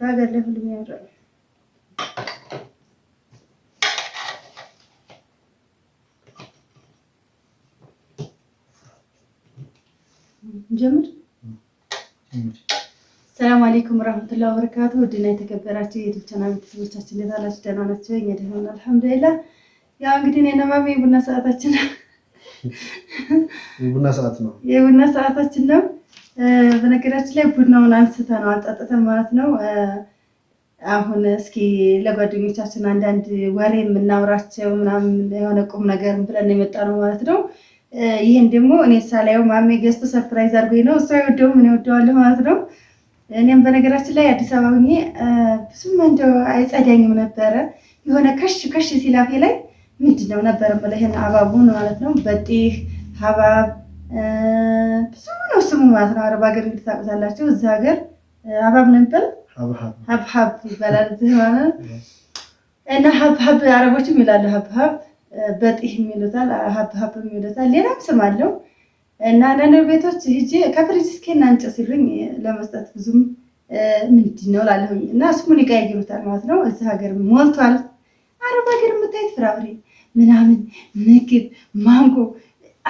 ከሀገር ላይ ሁሉም ያወራል። ጀምር። ሰላም አለይኩም ወራህመቱላሂ ወበረካቱ። ውድና የተከበራችሁ የዩቲዩብ ቻናል ቤተሰቦቻችን እንዴት አላችሁ? ደህና ናችሁ? እኛ ደህና ነን አልሐምዱሊላህ። ያው እንግዲህ እኔና ማሜ የቡና ሰዓታችን የቡና ሰዓት ነው የቡና ሰዓታችን ነው በነገራችን ላይ ቡናውን አንስተነው አጣጥተን ማለት ነው። አሁን እስኪ ለጓደኞቻችን አንዳንድ ወሬ የምናውራቸው ምናምን የሆነ ቁም ነገር ብለን የመጣ ነው ማለት ነው። ይህን ደግሞ እኔ ሳላየው ማሜ ገዝቶ ሰርፕራይዝ አድርጎኝ ነው። እሷ የወደውም ምን ወደዋለሁ ማለት ነው። እኔም በነገራችን ላይ አዲስ አበባ ሁኜ ብዙም እንደው አይጸዳኝም ነበረ። የሆነ ከሽ ከሽ ሲላፌ ላይ ምንድነው ነበረ ይህን አባቡን ማለት ነው በጤህ ሀባብ ብዙ ነው ስሙ ማለት ነው። አረብ ሀገር እንግዲህ ታውቁታላችሁ። እዚህ ሀገር ሀብሀብ ነው የሚባለው ሀብሀብ ይባላል እዚህ ማለት እና ሀብሀብ አረቦችም ይላሉ ሀብሀብ፣ በጢህ የሚሉታል፣ ሀብሀብ የሚሉታል፣ ሌላም ስም አለው እና ነነር ቤቶች ሂጄ ከፍሪጅ እስኪ እናንጨ ሲሉኝ ለመስጠት ብዙም ምንድን ነው ላለሁኝ እና ስሙን ይቀያይሩታል ማለት ነው። እዚህ ሀገር ሞልቷል። አረብ ሀገር የምታየት ፍራፍሬ ምናምን ምግብ ማንጎ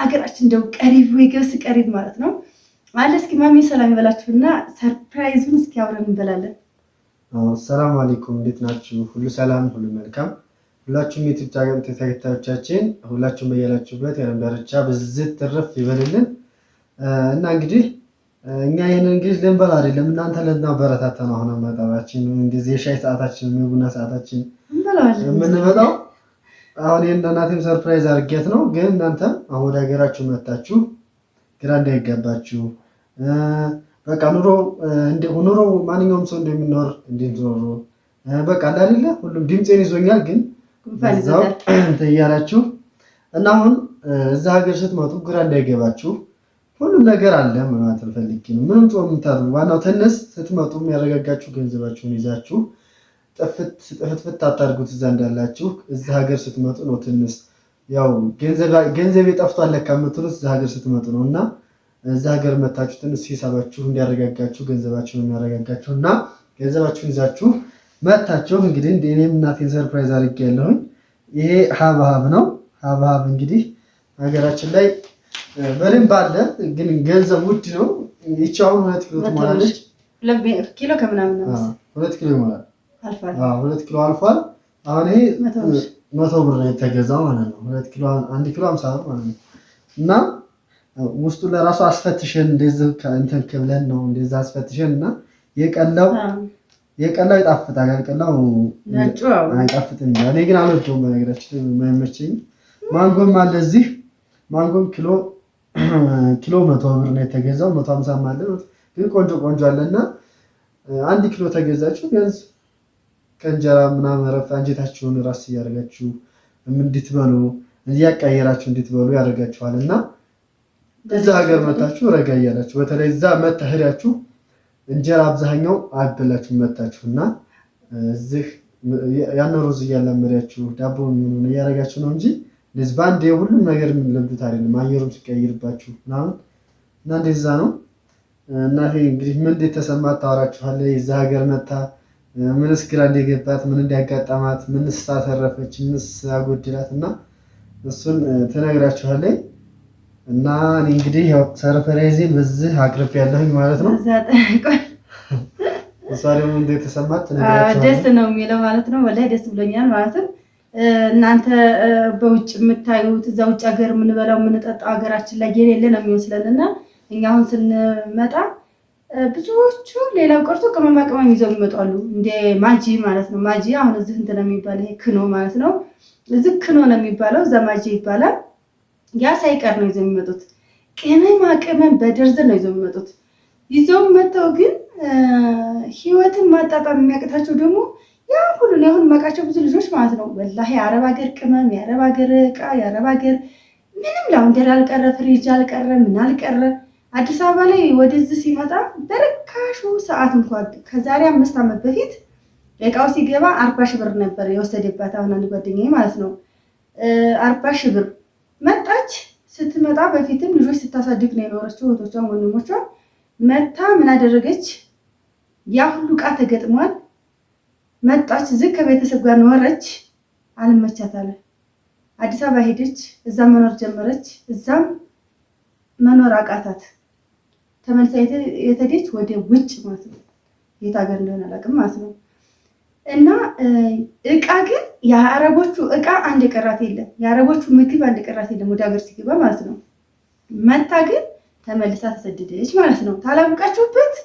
አገራችን እንደው ቀሪብ ወይ ገብስ ቀሪብ ማለት ነው አለ። እስኪ ማሚ ሰላም ይበላችሁና ሰርፕራይዙን እስኪ አብረን እንበላለን። ሰላም አለይኩም፣ እንዴት ናችሁ? ሁሉ ሰላም፣ ሁሉ መልካም። ሁላችሁም የኢትዮጵያውያን ተከታዮቻችን ሁላችሁም በያላችሁበት የነበረቻ ብዝት ትርፍ ይበልልን እና እንግዲህ እኛ ይህንን እንግዲህ ልንበላ አይደለም እናንተ ልናበረታታ ነው። አሁን መጣታችን እንደዚህ የሻይ ሰዓታችን የቡና ሰዓታችን የምንመጣው አሁን ይህን ለእናቴም ሰርፕራይዝ አድርጌያት ነው። ግን እናንተ አሁን ወደ ሀገራችሁ መታችሁ ግራ እንዳይገባችሁ በቃ ኑሮ ኑሮ ማንኛውም ሰው እንደሚኖር እንዲኖሩ በቃ እንዳልለ ሁሉም ድምፄን ይዞኛል። ግን ዛው እያላችሁ እና አሁን እዛ ሀገር ስትመጡ ግራ እንዳይገባችሁ ሁሉም ነገር አለ ማለት ፈልጌ ነው። ምንም ጦም ምታሉ ዋናው ተነስ ስትመጡ የሚያረጋጋችሁ ገንዘባችሁን ይዛችሁ ጥፍትፍት አታድርጉት። እዛ እንዳላችሁ እዚ ሀገር ስትመጡ ነው ትንስ ያው ገንዘቤ ጠፍቷል ለካ የምትሉት እዚ ሀገር ስትመጡ ነው እና እዚ ሀገር መታችሁ ትንስ ሂሳባችሁ እንዲያረጋጋችሁ ገንዘባችሁን የሚያረጋጋችሁ እና ገንዘባችሁን ይዛችሁ መታችሁ እንግዲህ እንደ እኔም እናቴን ሰርፕራይዝ አድርጌ ያለሁኝ ይሄ ሀብሀብ ነው። ሀብሀብ እንግዲህ ሀገራችን ላይ በደንብ ባለ ግን ገንዘብ ውድ ነው። ይቻውን ሁለት ኪሎ ትሞላለች። ሁለት ኪሎ ከምናምን ሁለት ኪሎ ይሞላል። ሁለት ኪሎ አልፏል። አሁን ይሄ መቶ ብር ነው ማለት ነው። ሁለት ኪሎ አንድ ኪሎ ብር ማለት ነው። እና ውስጡ ለራሱ አስፈትሸን እንደዚህ እንትን ክብለን ነው እንደዚህ አስፈትሸን እና የቀላው የቀላው ይጣፍጣል፣ ያልቀላው አይጣፍጥም። እኔ ግን አልወደውም በነገራችን የማይመቸኝ። ማንጎም አለ እዚህ ማንጎም ኪሎ ኪሎ መቶ ብር ነው የተገዛው። መቶ ሀምሳም አለ ግን ቆንጆ ቆንጆ አለ እና አንድ ኪሎ ተገዛችሁ ቢያንስ ከእንጀራ ምናምን ረፍ አንጀታችሁን ራስ እያደረጋችሁ እንድትበሉ እያቃየራችሁ እንድትበሉ ያደርጋችኋል። እና እዛ ሀገር መታችሁ ረጋ እያላችሁ በተለይ እዛ መታሄዳችሁ እንጀራ አብዛኛው አበላችሁ መታችሁ እና እዚህ ያን ሩዝ እያላመዳችሁ ዳቦ የሚሆኑ እያደረጋችሁ ነው እንጂ እንደዚህ በአንድ ሁሉም ነገር የምንለምዱት አይደለም። አየሩም ሲቀይርባችሁ ምናምን እና እንደዛ ነው። እናቴ እንግዲህ ምን እንዴት ተሰማ ታወራችኋለ የዛ ሀገር መታ ምን እስኪላ እንደገባት ምን እንዳጋጠማት ምን ስታተረፈች ምን ስታጎድላት እና እሱን ትነግራችኋለኝ። እና እኔ እንግዲህ ያው ሰርፕራይዜን በዚህ አቅርብ ያለሁኝ ማለት ነው። እዛ እሷ ደግሞ እንደተሰማት ደስ ነው የሚለው ማለት ነው። ወላሂ ደስ ብሎኛል ማለት ነው። እናንተ በውጭ የምታዩት እዛ ውጭ ሀገር የምንበላው የምንጠጣው ሀገራችን ላይ የሌለ ነው የሚመስለን እና እኛ አሁን ስንመጣ ብዙዎቹ ሌላው ቀርቶ ቅመማ ቅመም ይዘው ይመጣሉ። እንደ ማጂ ማለት ነው። ማጂ አሁን እዚህ እንትን የሚባል ይሄ ክኖ ማለት ነው። እዚህ ክኖ ነው የሚባለው፣ እዛ ማጂ ይባላል። ያ ሳይቀር ነው ይዘው የሚመጡት። ቅመማ ቅመም በደርዘን ነው ይዘው የሚመጡት። ይዘው መጥተው ግን ህይወትን ማጣጣም የሚያቅታቸው ደግሞ ያ ሁሉ አሁን የማውቃቸው ብዙ ልጆች ማለት ነው። ወላሂ የአረብ ሀገር ቅመም፣ የአረብ ሀገር እቃ፣ የአረብ ሀገር ምንም ላውንደር አልቀረ፣ ፍሪጅ አልቀረ፣ ምን አልቀረ አዲስ አበባ ላይ ወደዚህ ሲመጣ በርካሹ ሰዓት እንኳን ከዛሬ አምስት ዓመት በፊት እቃው ሲገባ አርባ ሺህ ብር ነበር የወሰደባት። አሁን አንድ ጓደኛዬ ማለት ነው አርባ ሺህ ብር መጣች። ስትመጣ በፊትም ልጆች ስታሳድግ ነው የኖረችው፣ እህቶቿን ወንድሞቿን መታ ምን አደረገች? ያ ሁሉ እቃ ተገጥሟል። መጣች፣ ዝግ ከቤተሰብ ጋር ኖረች፣ አልመቻታለ። አዲስ አበባ ሄደች፣ እዛም መኖር ጀመረች፣ እዛም መኖር አቃታት። ተመልሳ የተደች ወደ ውጭ ማለት ነው። የት ሀገር እንደሆነ አላውቅም ማለት ነው። እና እቃ ግን የአረቦቹ እቃ አንድ ቀራት የለም። የአረቦቹ ምግብ አንድ ቀራት የለም። ወደ ሀገር ሲገባ ማለት ነው። መታ ግን ተመልሳ ተሰደደች ማለት ነው። ታላውቃችሁበት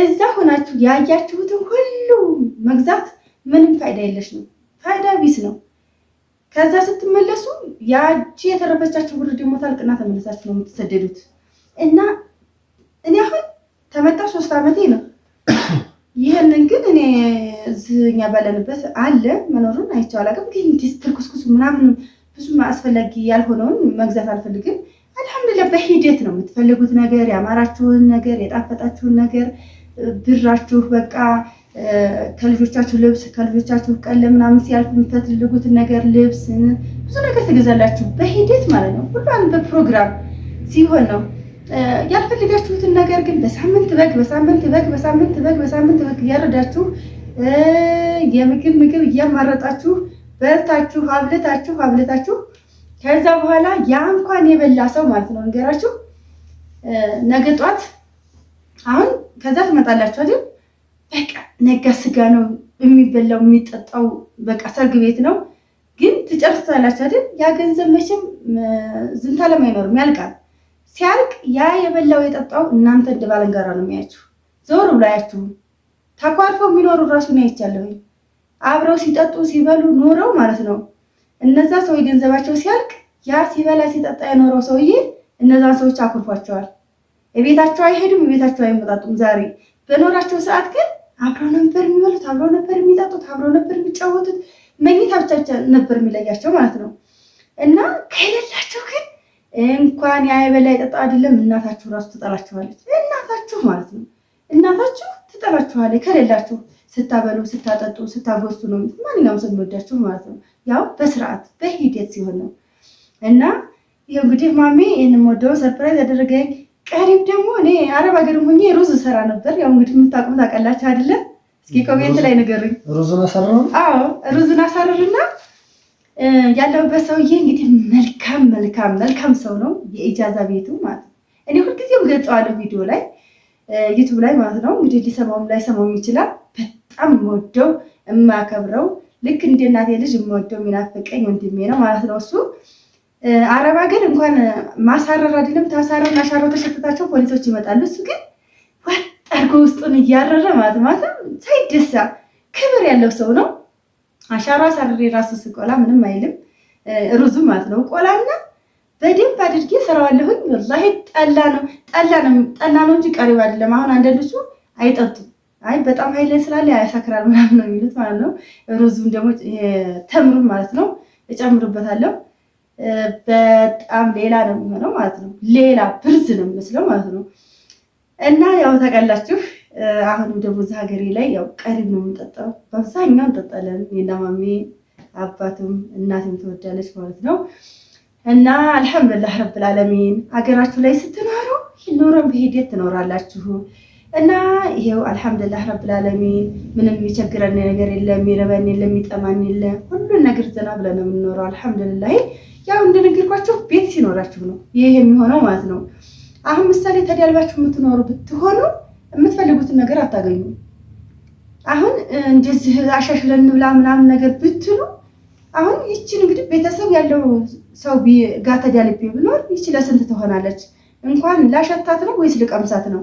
እዛ ሆናችሁ ያያችሁትን ሁሉ መግዛት ምንም ፋይዳ የለሽ ነው። ፋይዳ ቢስ ነው። ከዛ ስትመለሱ ያቺ የተረፈቻችሁ ብር ደግሞ ታልቅና ተመልሳችሁ ነው የምትሰደዱት እና እኔ አሁን ተመጣ ሶስት ዓመቴ ነው። ይህንን ግን እኔ እዚህ እኛ ባለንበት አለ መኖሩን አይቼው አላውቅም። ግን እንዲህ ትርኩስኩስ ምናምን ብዙም አስፈላጊ ያልሆነውን መግዛት አልፈልግም። አልሐምዱሊላህ በሂደት ነው የምትፈልጉት ነገር ያማራችሁን ነገር የጣፈጣችሁን ነገር ብራችሁ በቃ ከልጆቻችሁ ልብስ ከልጆቻችሁ ቀለ ምናምን ሲያልፍ የምትፈልጉትን ነገር ልብስ፣ ብዙ ነገር ትገዛላችሁ በሂደት ማለት ነው። ሁሉ በፕሮግራም ሲሆን ነው ያልፈልጋችሁትን ነገር ግን በሳምንት በግ በሳምንት በግ በሳምንት በግ በሳምንት በግ እያረዳችሁ የምግብ ምግብ እያማረጣችሁ በርታችሁ አብልታችሁ አብልታችሁ ከዛ በኋላ ያ እንኳን የበላ ሰው ማለት ነው እንገራችሁ ነገ ጧት አሁን ከዛ ትመጣላችሁ አይደል? በቃ ነጋ ስጋ ነው የሚበላው የሚጠጣው፣ በቃ ሰርግ ቤት ነው። ግን ትጨርሳላችሁ አይደል? ያ ገንዘብ መቼም ዝንታለም አይኖርም፣ ያልቃል። ሲያልቅ ያ የበላው የጠጣው እናንተ እንደ ባለንጋራ ነው የሚያችሁ፣ ዞር ብሎ አያችሁም። ተኳርፈው የሚኖሩ ነው አይቻለሁኝ። አብረው ሲጠጡ ሲበሉ ኖረው ማለት ነው። እነዛ ሰው ገንዘባቸው ሲያልቅ ያ ሲበላ ሲጠጣ የኖረው ሰውዬ እነዛን ሰዎች አኩርፏቸዋል። የቤታቸው አይሄዱም፣ የቤታቸው አይመጣጡም። ዛሬ በኖራቸው ሰዓት ግን አብረው ነበር የሚበሉት፣ አብረው ነበር የሚጠጡት፣ አብረው ነበር የሚጫወቱት። መኝታ ነበር የሚለያቸው ማለት ነው እና ከሌላቸው ግን እንኳን የአይበላ የጠጣ አይደለም እናታችሁ ራሱ ትጠላችኋለች። እናታችሁ ማለት ነው እናታችሁ ትጠላችኋለች። ከሌላችሁ ስታበሉ፣ ስታጠጡ፣ ስታጎርሱ ነው ማንኛውም ሰው የሚወዳችሁ ማለት ነው። ያው በስርዓት በሂደት ሲሆን ነው እና ይህ እንግዲህ ማሜ ይህን የምወደውን ሰርፕራይዝ ያደረገኝ ቀሪም ደግሞ እኔ አረብ ሀገር ሆኜ ሩዝ ሰራ ነበር። ያው እንግዲህ የምታቁም ታውቃላችሁ አይደለም። እስኪ ኮሜንት ላይ ንገሩኝ። ሩዙን አሳርርና ያለሁበት ሰውዬ እንግዲህ መልካም መልካም መልካም ሰው ነው። የኢጃዛ ቤቱ ማለት ነው። እኔ ሁልጊዜም ገልጸዋለሁ ቪዲዮ ላይ ዩቱብ ላይ ማለት ነው። እንግዲህ ሊሰማውም ላይሰማውም ይችላል። በጣም የምወደው የማከብረው ልክ እንደ እናቴ ልጅ የምወደው የሚናፍቀኝ ወንድሜ ነው ማለት ነው። እሱ አረብ ሀገር እንኳን ማሳረር አይደለም ታሳረው ናሻረው ተሸጥታቸው ፖሊሶች ይመጣሉ። እሱ ግን ዋጥ አድርጎ ውስጡን እያረረ ማለት ማለት ሳይደሳ ክብር ያለው ሰው ነው። አሻሯ ሳርሬ ራሱ ስቆላ ምንም አይልም። ሩዙ ማለት ነው ቆላና በደንብ አድርጌ ሰራዋለሁኝ። ወላሂ ጠላ ነው ጠላ ነው ጠላ ነው እንጂ ቀሪው አይደለም። አሁን አንዳንዶቹ አይጠጡም። አይ በጣም ኃይል ስላለ ያሳክራል ምናምን ነው የሚሉት ማለት ነው። ሩዙን ደግሞ ተምሩን ማለት ነው እጨምርበታለሁ። በጣም ሌላ ነው የሚሆነው ማለት ነው። ሌላ ብርዝ ነው የሚመስለው ማለት ነው። እና ያው ታውቃላችሁ አሁን ደግሞ እዚህ ሀገሬ ላይ ያው ቀሪም ነው የምንጠጣው፣ በአብዛኛው እንጠጣለን። የእና ማሜ አባትም እናትም ትወዳለች ማለት ነው። እና አልሐምዱላህ ረብልዓለሚን ሀገራችሁ ላይ ስትኖሩ ኖረን በሂደት ትኖራላችሁ። እና ይሄው አልሐምዱላህ ረብልዓለሚን ምንም የሚቸግረን ነገር የለም፣ የሚረበን የለም፣ የሚጠማን የለም። ሁሉን ነገር ዘና ብለን ነው የምንኖረው። አልሐምዱላህ ያው እንደነገርኳችሁ ቤት ሲኖራችሁ ነው ይህ የሚሆነው ማለት ነው። አሁን ምሳሌ ተዳልባችሁ የምትኖሩ ብትሆኑ የምትፈልጉትን ነገር አታገኙም። አሁን እንደዚህ አሻሽለን ብላ ምናምን ነገር ብትሉ አሁን ይችን እንግዲህ ቤተሰብ ያለው ሰው ጋር ተዳልቤ ብኖር ይቺ ለስንት ትሆናለች? እንኳን ላሸታት ነው ወይስ ልቀምሳት ነው?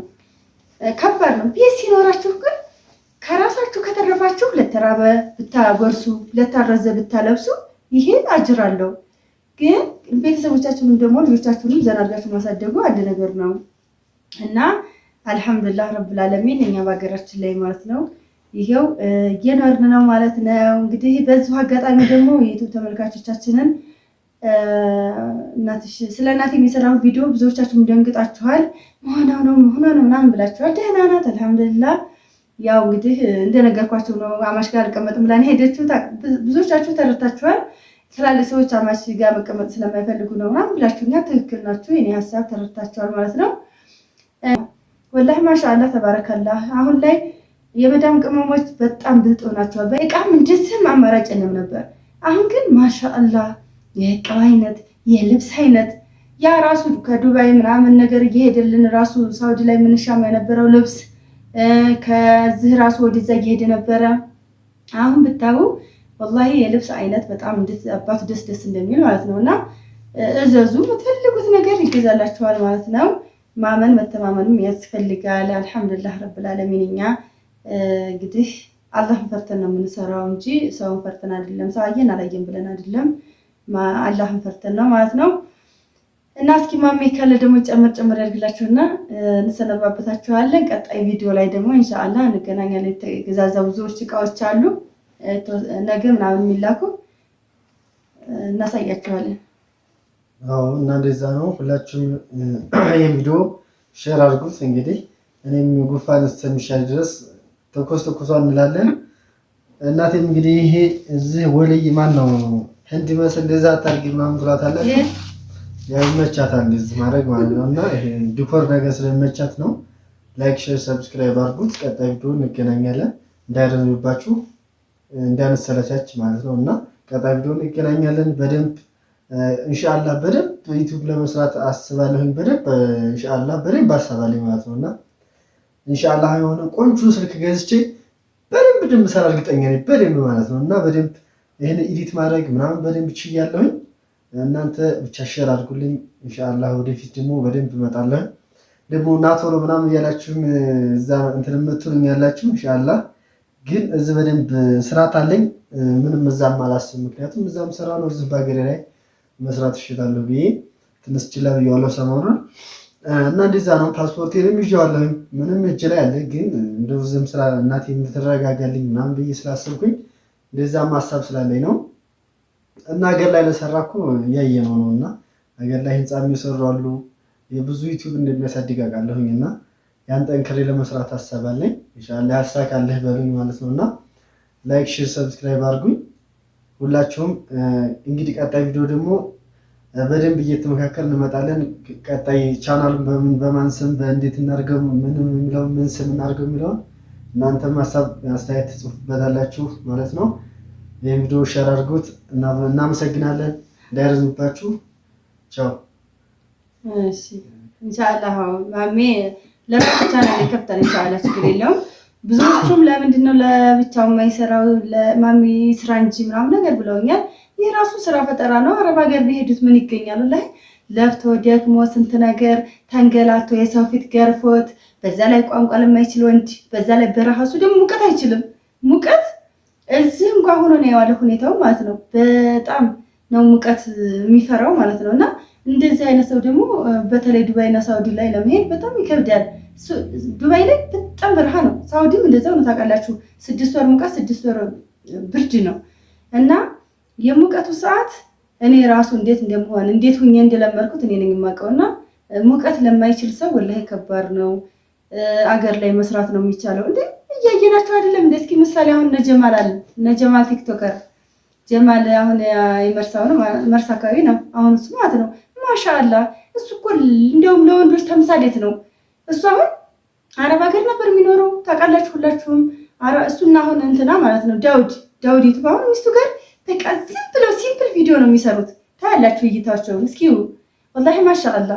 ከባድ ነው። ቤት ሲኖራችሁ ግን ከራሳችሁ ከተረፋችሁ ለተራበ ብታጎርሱ፣ ለታረዘ ብታለብሱ ይሄ አጅር አለው። ግን ቤተሰቦቻችሁንም ደግሞ ልጆቻችሁንም ዘና ማሳደጉ አንድ ነገር ነው እና አልሐምዱላህ ረብል ዓለሚን እኛ በሀገራችን ላይ ማለት ነው ይሄው እየኖርን ነው ማለት ነው። እንግዲህ በዚሁ አጋጣሚ ደግሞ የዩቱብ ተመልካቾቻችንን እናትሽ ስለ እናት የሚሰራው ቪዲዮ ብዙዎቻችሁም ደንግጣችኋል። መሆናው ነው መሆና ነው ምናምን ብላችኋል። ደህና ናት አልሐምዱሊላህ። ያው እንግዲህ እንደነገርኳቸው ነው አማሽ ጋር አልቀመጥም ብላን ሄደችሁ ብዙዎቻችሁ ተረድታችኋል። ትላልቅ ሰዎች አማሽ ጋር መቀመጥ ስለማይፈልጉ ነው ምናምን ብላችሁኛ ትክክል ናችሁ። የኔ ሀሳብ ተረድታችኋል ማለት ነው። ወላሂ ማሻአላ ተባረከላ። አሁን ላይ የመዳም ቅመሞች በጣም ብልጥ ሆናቸዋል። በእቃም እንደዚህም አማራጭ የለም ነበር። አሁን ግን ማሻአላ የእቃው አይነት፣ የልብስ አይነት ያ ራሱ ከዱባይ ምናምን ነገር እየሄደልን ራሱ ሳውዲ ላይ ምንሻማ የነበረው ልብስ ከዚህ ራሱ ወደዛ እየሄደ ነበረ። አሁን ብታዩ ወላሂ የልብስ አይነት በጣም አባቱ ደስ ደስ እንደሚል ማለት ነው። እና እዘዙ፣ ትልቁት ነገር ይገዛላችኋል ማለት ነው። ማመን መተማመንም ያስፈልጋል። አልሐምዱላህ ረብልዓለሚን እኛ እንግዲህ አላህን ፈርተን ነው የምንሰራው እንጂ ሰውን ፈርተን አይደለም። ሰው አየን አላየን ብለን አይደለም። አላህን ፈርተን ነው ማለት ነው። እና እስኪ ማሜ ካለ ደግሞ ጨምር ጨምር ያድርግላችሁና እንሰነባበታችኋለን። ቀጣይ ቪዲዮ ላይ ደግሞ ኢንሻአላህ እንገናኛለን። የተገዛዛ ብዙዎች እቃዎች አሉ ነገ ምናምን የሚላኩ እናሳያችኋለን። አዎ እና እንደዛ ነው። ሁላችሁም ይህን ቪዲዮ ሼር አድርጉት። እንግዲህ እኔም ጉንፋን እስከሚሻል ድረስ ተኮስ ትኩሷ እንላለን። እናቴም እንግዲህ ይሄ እዚህ ወልይ ማን ነው ህንድ መስል እንደዛ አታርጊ ምናምን ትላታለች። ያው ይመቻታል እንደዚህ ማድረግ ማለት ነው። እና ይሄ ዲኮር ነገር ስለሚመቻት ነው። ላይክ፣ ሼር፣ ሰብስክራይብ አድርጉት። ቀጣይ ቪዲዮ እንገናኛለን። እንዳይረዝምባችሁ እንዳንሰለቻች ማለት ነው እና ቀጣይ ቪዲዮ እንገናኛለን በደንብ እንሻላ በደንብ ዩቱብ ለመስራት አስባለሁኝ። በደንብ እንሻላ በደንብ አስባለኝ ማለት ነው። እና እንሻላ የሆነ ቆንጆ ስልክ ገዝቼ በደንብ ደንብ ሰራ እርግጠኛ ነኝ በደንብ ማለት ነው። እና በደንብ ይህን ኢዲት ማድረግ ምናምን በደንብ ችያለሁኝ። እናንተ ብቻ ሼር አድርጉልኝ። እንሻላ ወደፊት ደግሞ በደንብ እመጣለሁ። ደግሞ ናቶሎ ምናምን እያላችሁም እዛ እንትን የምትሉኝ ያላችሁ እንሻላ ግን እዚህ በደንብ ስርዓት አለኝ። ምንም እዛም አላስብም። ምክንያቱም እዛም ስራ ነው እዚህ በሀገሬ ላይ መስራት ይችላለሁ ብዬ ትንሽ ችላ ብያዋለሁ ሰሞኑን እና እንደዛ ነው። ፓስፖርቴንም ይዤዋለሁ ምንም እጅ ላይ አለ። ግን እንደው ዝም ስራ እናቴ የምትረጋጋልኝ ምናምን ብዬ ስላሰብኩኝ እንደዛም ሀሳብ ስላለኝ ነው። እና ሀገር ላይ ለሰራ እኮ እያየ ነው ነው እና ሀገር ላይ ህንፃ የሚሰሩ አሉ። የብዙ ዩቲዩብ እንደሚያሳድግ አውቃለሁኝ እና ያን ጠንክሬ ለመስራት አሰባለኝ። አለኝ። ኢንሻላህ ያሳካልህ በሉኝ ማለት ነው እና ላይክ፣ ሼር፣ ሰብስክራይብ አድርጉኝ። ሁላችሁም እንግዲህ ቀጣይ ቪዲዮ ደግሞ በደንብ እየተመካከል እንመጣለን። ቀጣይ ቻናሉን በምን በማን ስም በእንዴት እናድርገው ምንም የሚለው ምን ስም እናድርገው የሚለውን እናንተም ሀሳብ አስተያየት ትጽፉበታላችሁ ማለት ነው። ይህን ቪዲዮ ሸር አድርጉት። እናመሰግናለን። እንዳይረዝምባችሁ። ቻው። ኢንሻላህ ማሜ ለምን ብቻ ኢንሻላህ ችግር የለውም። ብዙዎቹም ለምንድን ነው ለብቻው የማይሰራው ለማሚ ስራ እንጂ ምናምን ነገር ብለውኛል። ይህ ራሱ ስራ ፈጠራ ነው። አረብ ሀገር ቢሄዱት ምን ይገኛሉ? ላይ ለፍቶ ደክሞ ስንት ነገር ተንገላቶ የሰው ፊት ገርፎት፣ በዛ ላይ ቋንቋ ለማይችል ወንድ፣ በዛ ላይ በረሃሱ ደግሞ ሙቀት አይችልም። ሙቀት እዚህ እንኳ ሆኖ ነው የዋለ ሁኔታው ማለት ነው። በጣም ነው ሙቀት የሚፈራው ማለት ነው። እና እንደዚህ አይነት ሰው ደግሞ በተለይ ዱባይና ሳውዲ ላይ ለመሄድ በጣም ይከብዳል። ዱባይ ላይ በጣም በረሃ ነው። ሳውዲም እንደዛው ነው ታውቃላችሁ። ስድስት ወር ሙቀት፣ ስድስት ወር ብርድ ነው እና የሙቀቱ ሰዓት እኔ ራሱ እንዴት እንደምሆን እንዴት ሁኜ እንደለመድኩት እኔ ነኝ የማውቀው። እና ሙቀት ለማይችል ሰው ወላሂ ከባድ ነው። አገር ላይ መስራት ነው የሚቻለው። እንደ እያየናቸው አይደለም እንደ እስኪ ምሳሌ አሁን ነጀማል አለ ነጀማል ቲክቶከር ጀማል አሁን የመርሳው ነው መርሳ አካባቢ ነው አሁን እሱ ማለት ነው። ማሻላ እሱ እኮ እንዲያውም ለወንዶች ተምሳሌት ነው። እሱ አሁን አረብ ሀገር ነበር የሚኖረው ታውቃላችሁ ሁላችሁም። እሱና አሁን እንትና ማለት ነው ዳውድ ዳውድ የተባሁን ሚስቱ ጋር በቃ ዝም ብለው ሲምፕል ቪዲዮ ነው የሚሰሩት። ታያላችሁ እይታቸውን እስኪ ወላሂ ማሻአላ።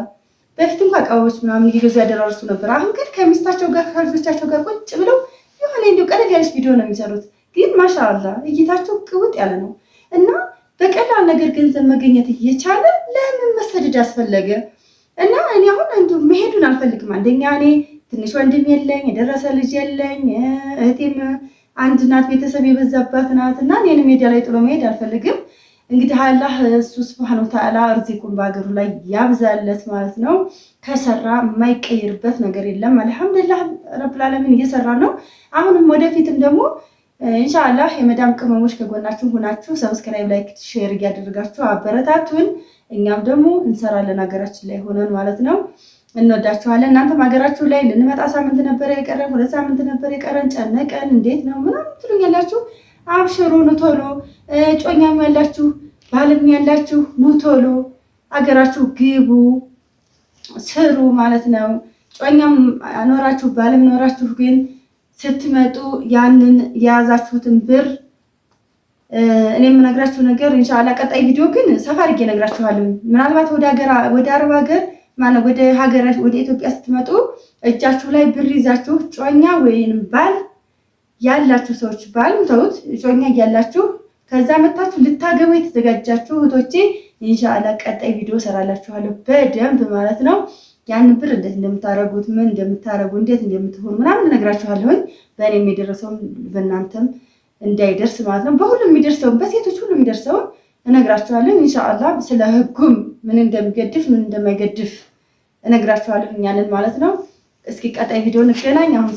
በፊት እንኳ እቃዎች ምናምን እየገዙ ያደራርሱ ነበር። አሁን ግን ከሚስታቸው ጋር ከልጆቻቸው ጋር ቁጭ ብለው የሆነ እንዲሁ ቀለል ያለች ቪዲዮ ነው የሚሰሩት። ግን ማሻአላ እይታቸው ቅውጥ ያለ ነው እና በቀላል ነገር ገንዘብ መገኘት እየቻለ ለምን መሰደድ አስፈለገ? እና እኔ አሁን እንዲሁ መሄዱን አልፈልግም። አንደኛ እኔ ትንሽ ወንድም የለኝ፣ የደረሰ ልጅ የለኝ። እህቴም አንድ ናት፣ ቤተሰብ የበዛባት ናት። እና እኔን ሜዳ ላይ ጥሎ መሄድ አልፈልግም። እንግዲህ አላህ እሱ ስብሐነሁ ተዓላ እርዚቁን በሀገሩ ላይ ያብዛለት ማለት ነው። ከሰራ የማይቀይርበት ነገር የለም። አልሐምዱሊላህ ረብል ዓለሚን እየሰራ ነው። አሁንም ወደፊትም ደግሞ እንሻላህ የመዳም ቅመሞች ከጎናችሁ ሆናችሁ ሰብስክራይብ፣ ላይክ፣ ሼር እያደረጋችሁ አበረታቱን። እኛም ደግሞ እንሰራለን ሀገራችን ላይ ሆነን ማለት ነው። እንወዳችኋለን። እናንተም ሀገራችሁ ላይ ልንመጣ ሳምንት ነበረ የቀረን፣ ሁለት ሳምንት ነበር የቀረን። ጨነቀን፣ እንዴት ነው ምናምን ትሉኛላችሁ። አብሽሩ ኑ ቶሎ። ጮኛም ያላችሁ ባልም ያላችሁ ኑ ቶሎ ግቡ ስሩ ማለት ነው። ጮኛም ኖራችሁ ባልም ኖራችሁ ግን ስትመጡ ያንን የያዛችሁትን ብር እኔ የምነግራችሁ ነገር እንሻላ ቀጣይ ቪዲዮ ግን ሰፋ አድርጌ እነግራችኋለሁ። ምናልባት ወደ አረብ ሀገር ማለት ወደ ሀገር ወደ ኢትዮጵያ ስትመጡ እጃችሁ ላይ ብር ይዛችሁ ጮኛ ወይም ባል ያላችሁ ሰዎች ባልም ተውት፣ ጮኛ እያላችሁ ከዛ መታችሁ ልታገቡ የተዘጋጃችሁ እህቶቼ እንሻላ ቀጣይ ቪዲዮ ሰራላችኋለሁ በደንብ ማለት ነው። ያንን ብር እንዴት እንደምታደርጉት ምን እንደምታደርጉ እንዴት እንደምትሆኑ ምናምን እነግራችኋለሁኝ። በእኔም የደረሰውን በእናንተም እንዳይደርስ ማለት ነው። በሁሉም የሚደርሰውን በሴቶች ሁሉም የሚደርሰውን እነግራችኋለሁ። ኢንሻአላህ ስለ ህጉም ምን እንደሚገድፍ ምን እንደማይገድፍ እነግራችኋለሁ። እኛንን ማለት ነው። እስኪ ቀጣይ ቪዲዮ እንገናኝ አሁን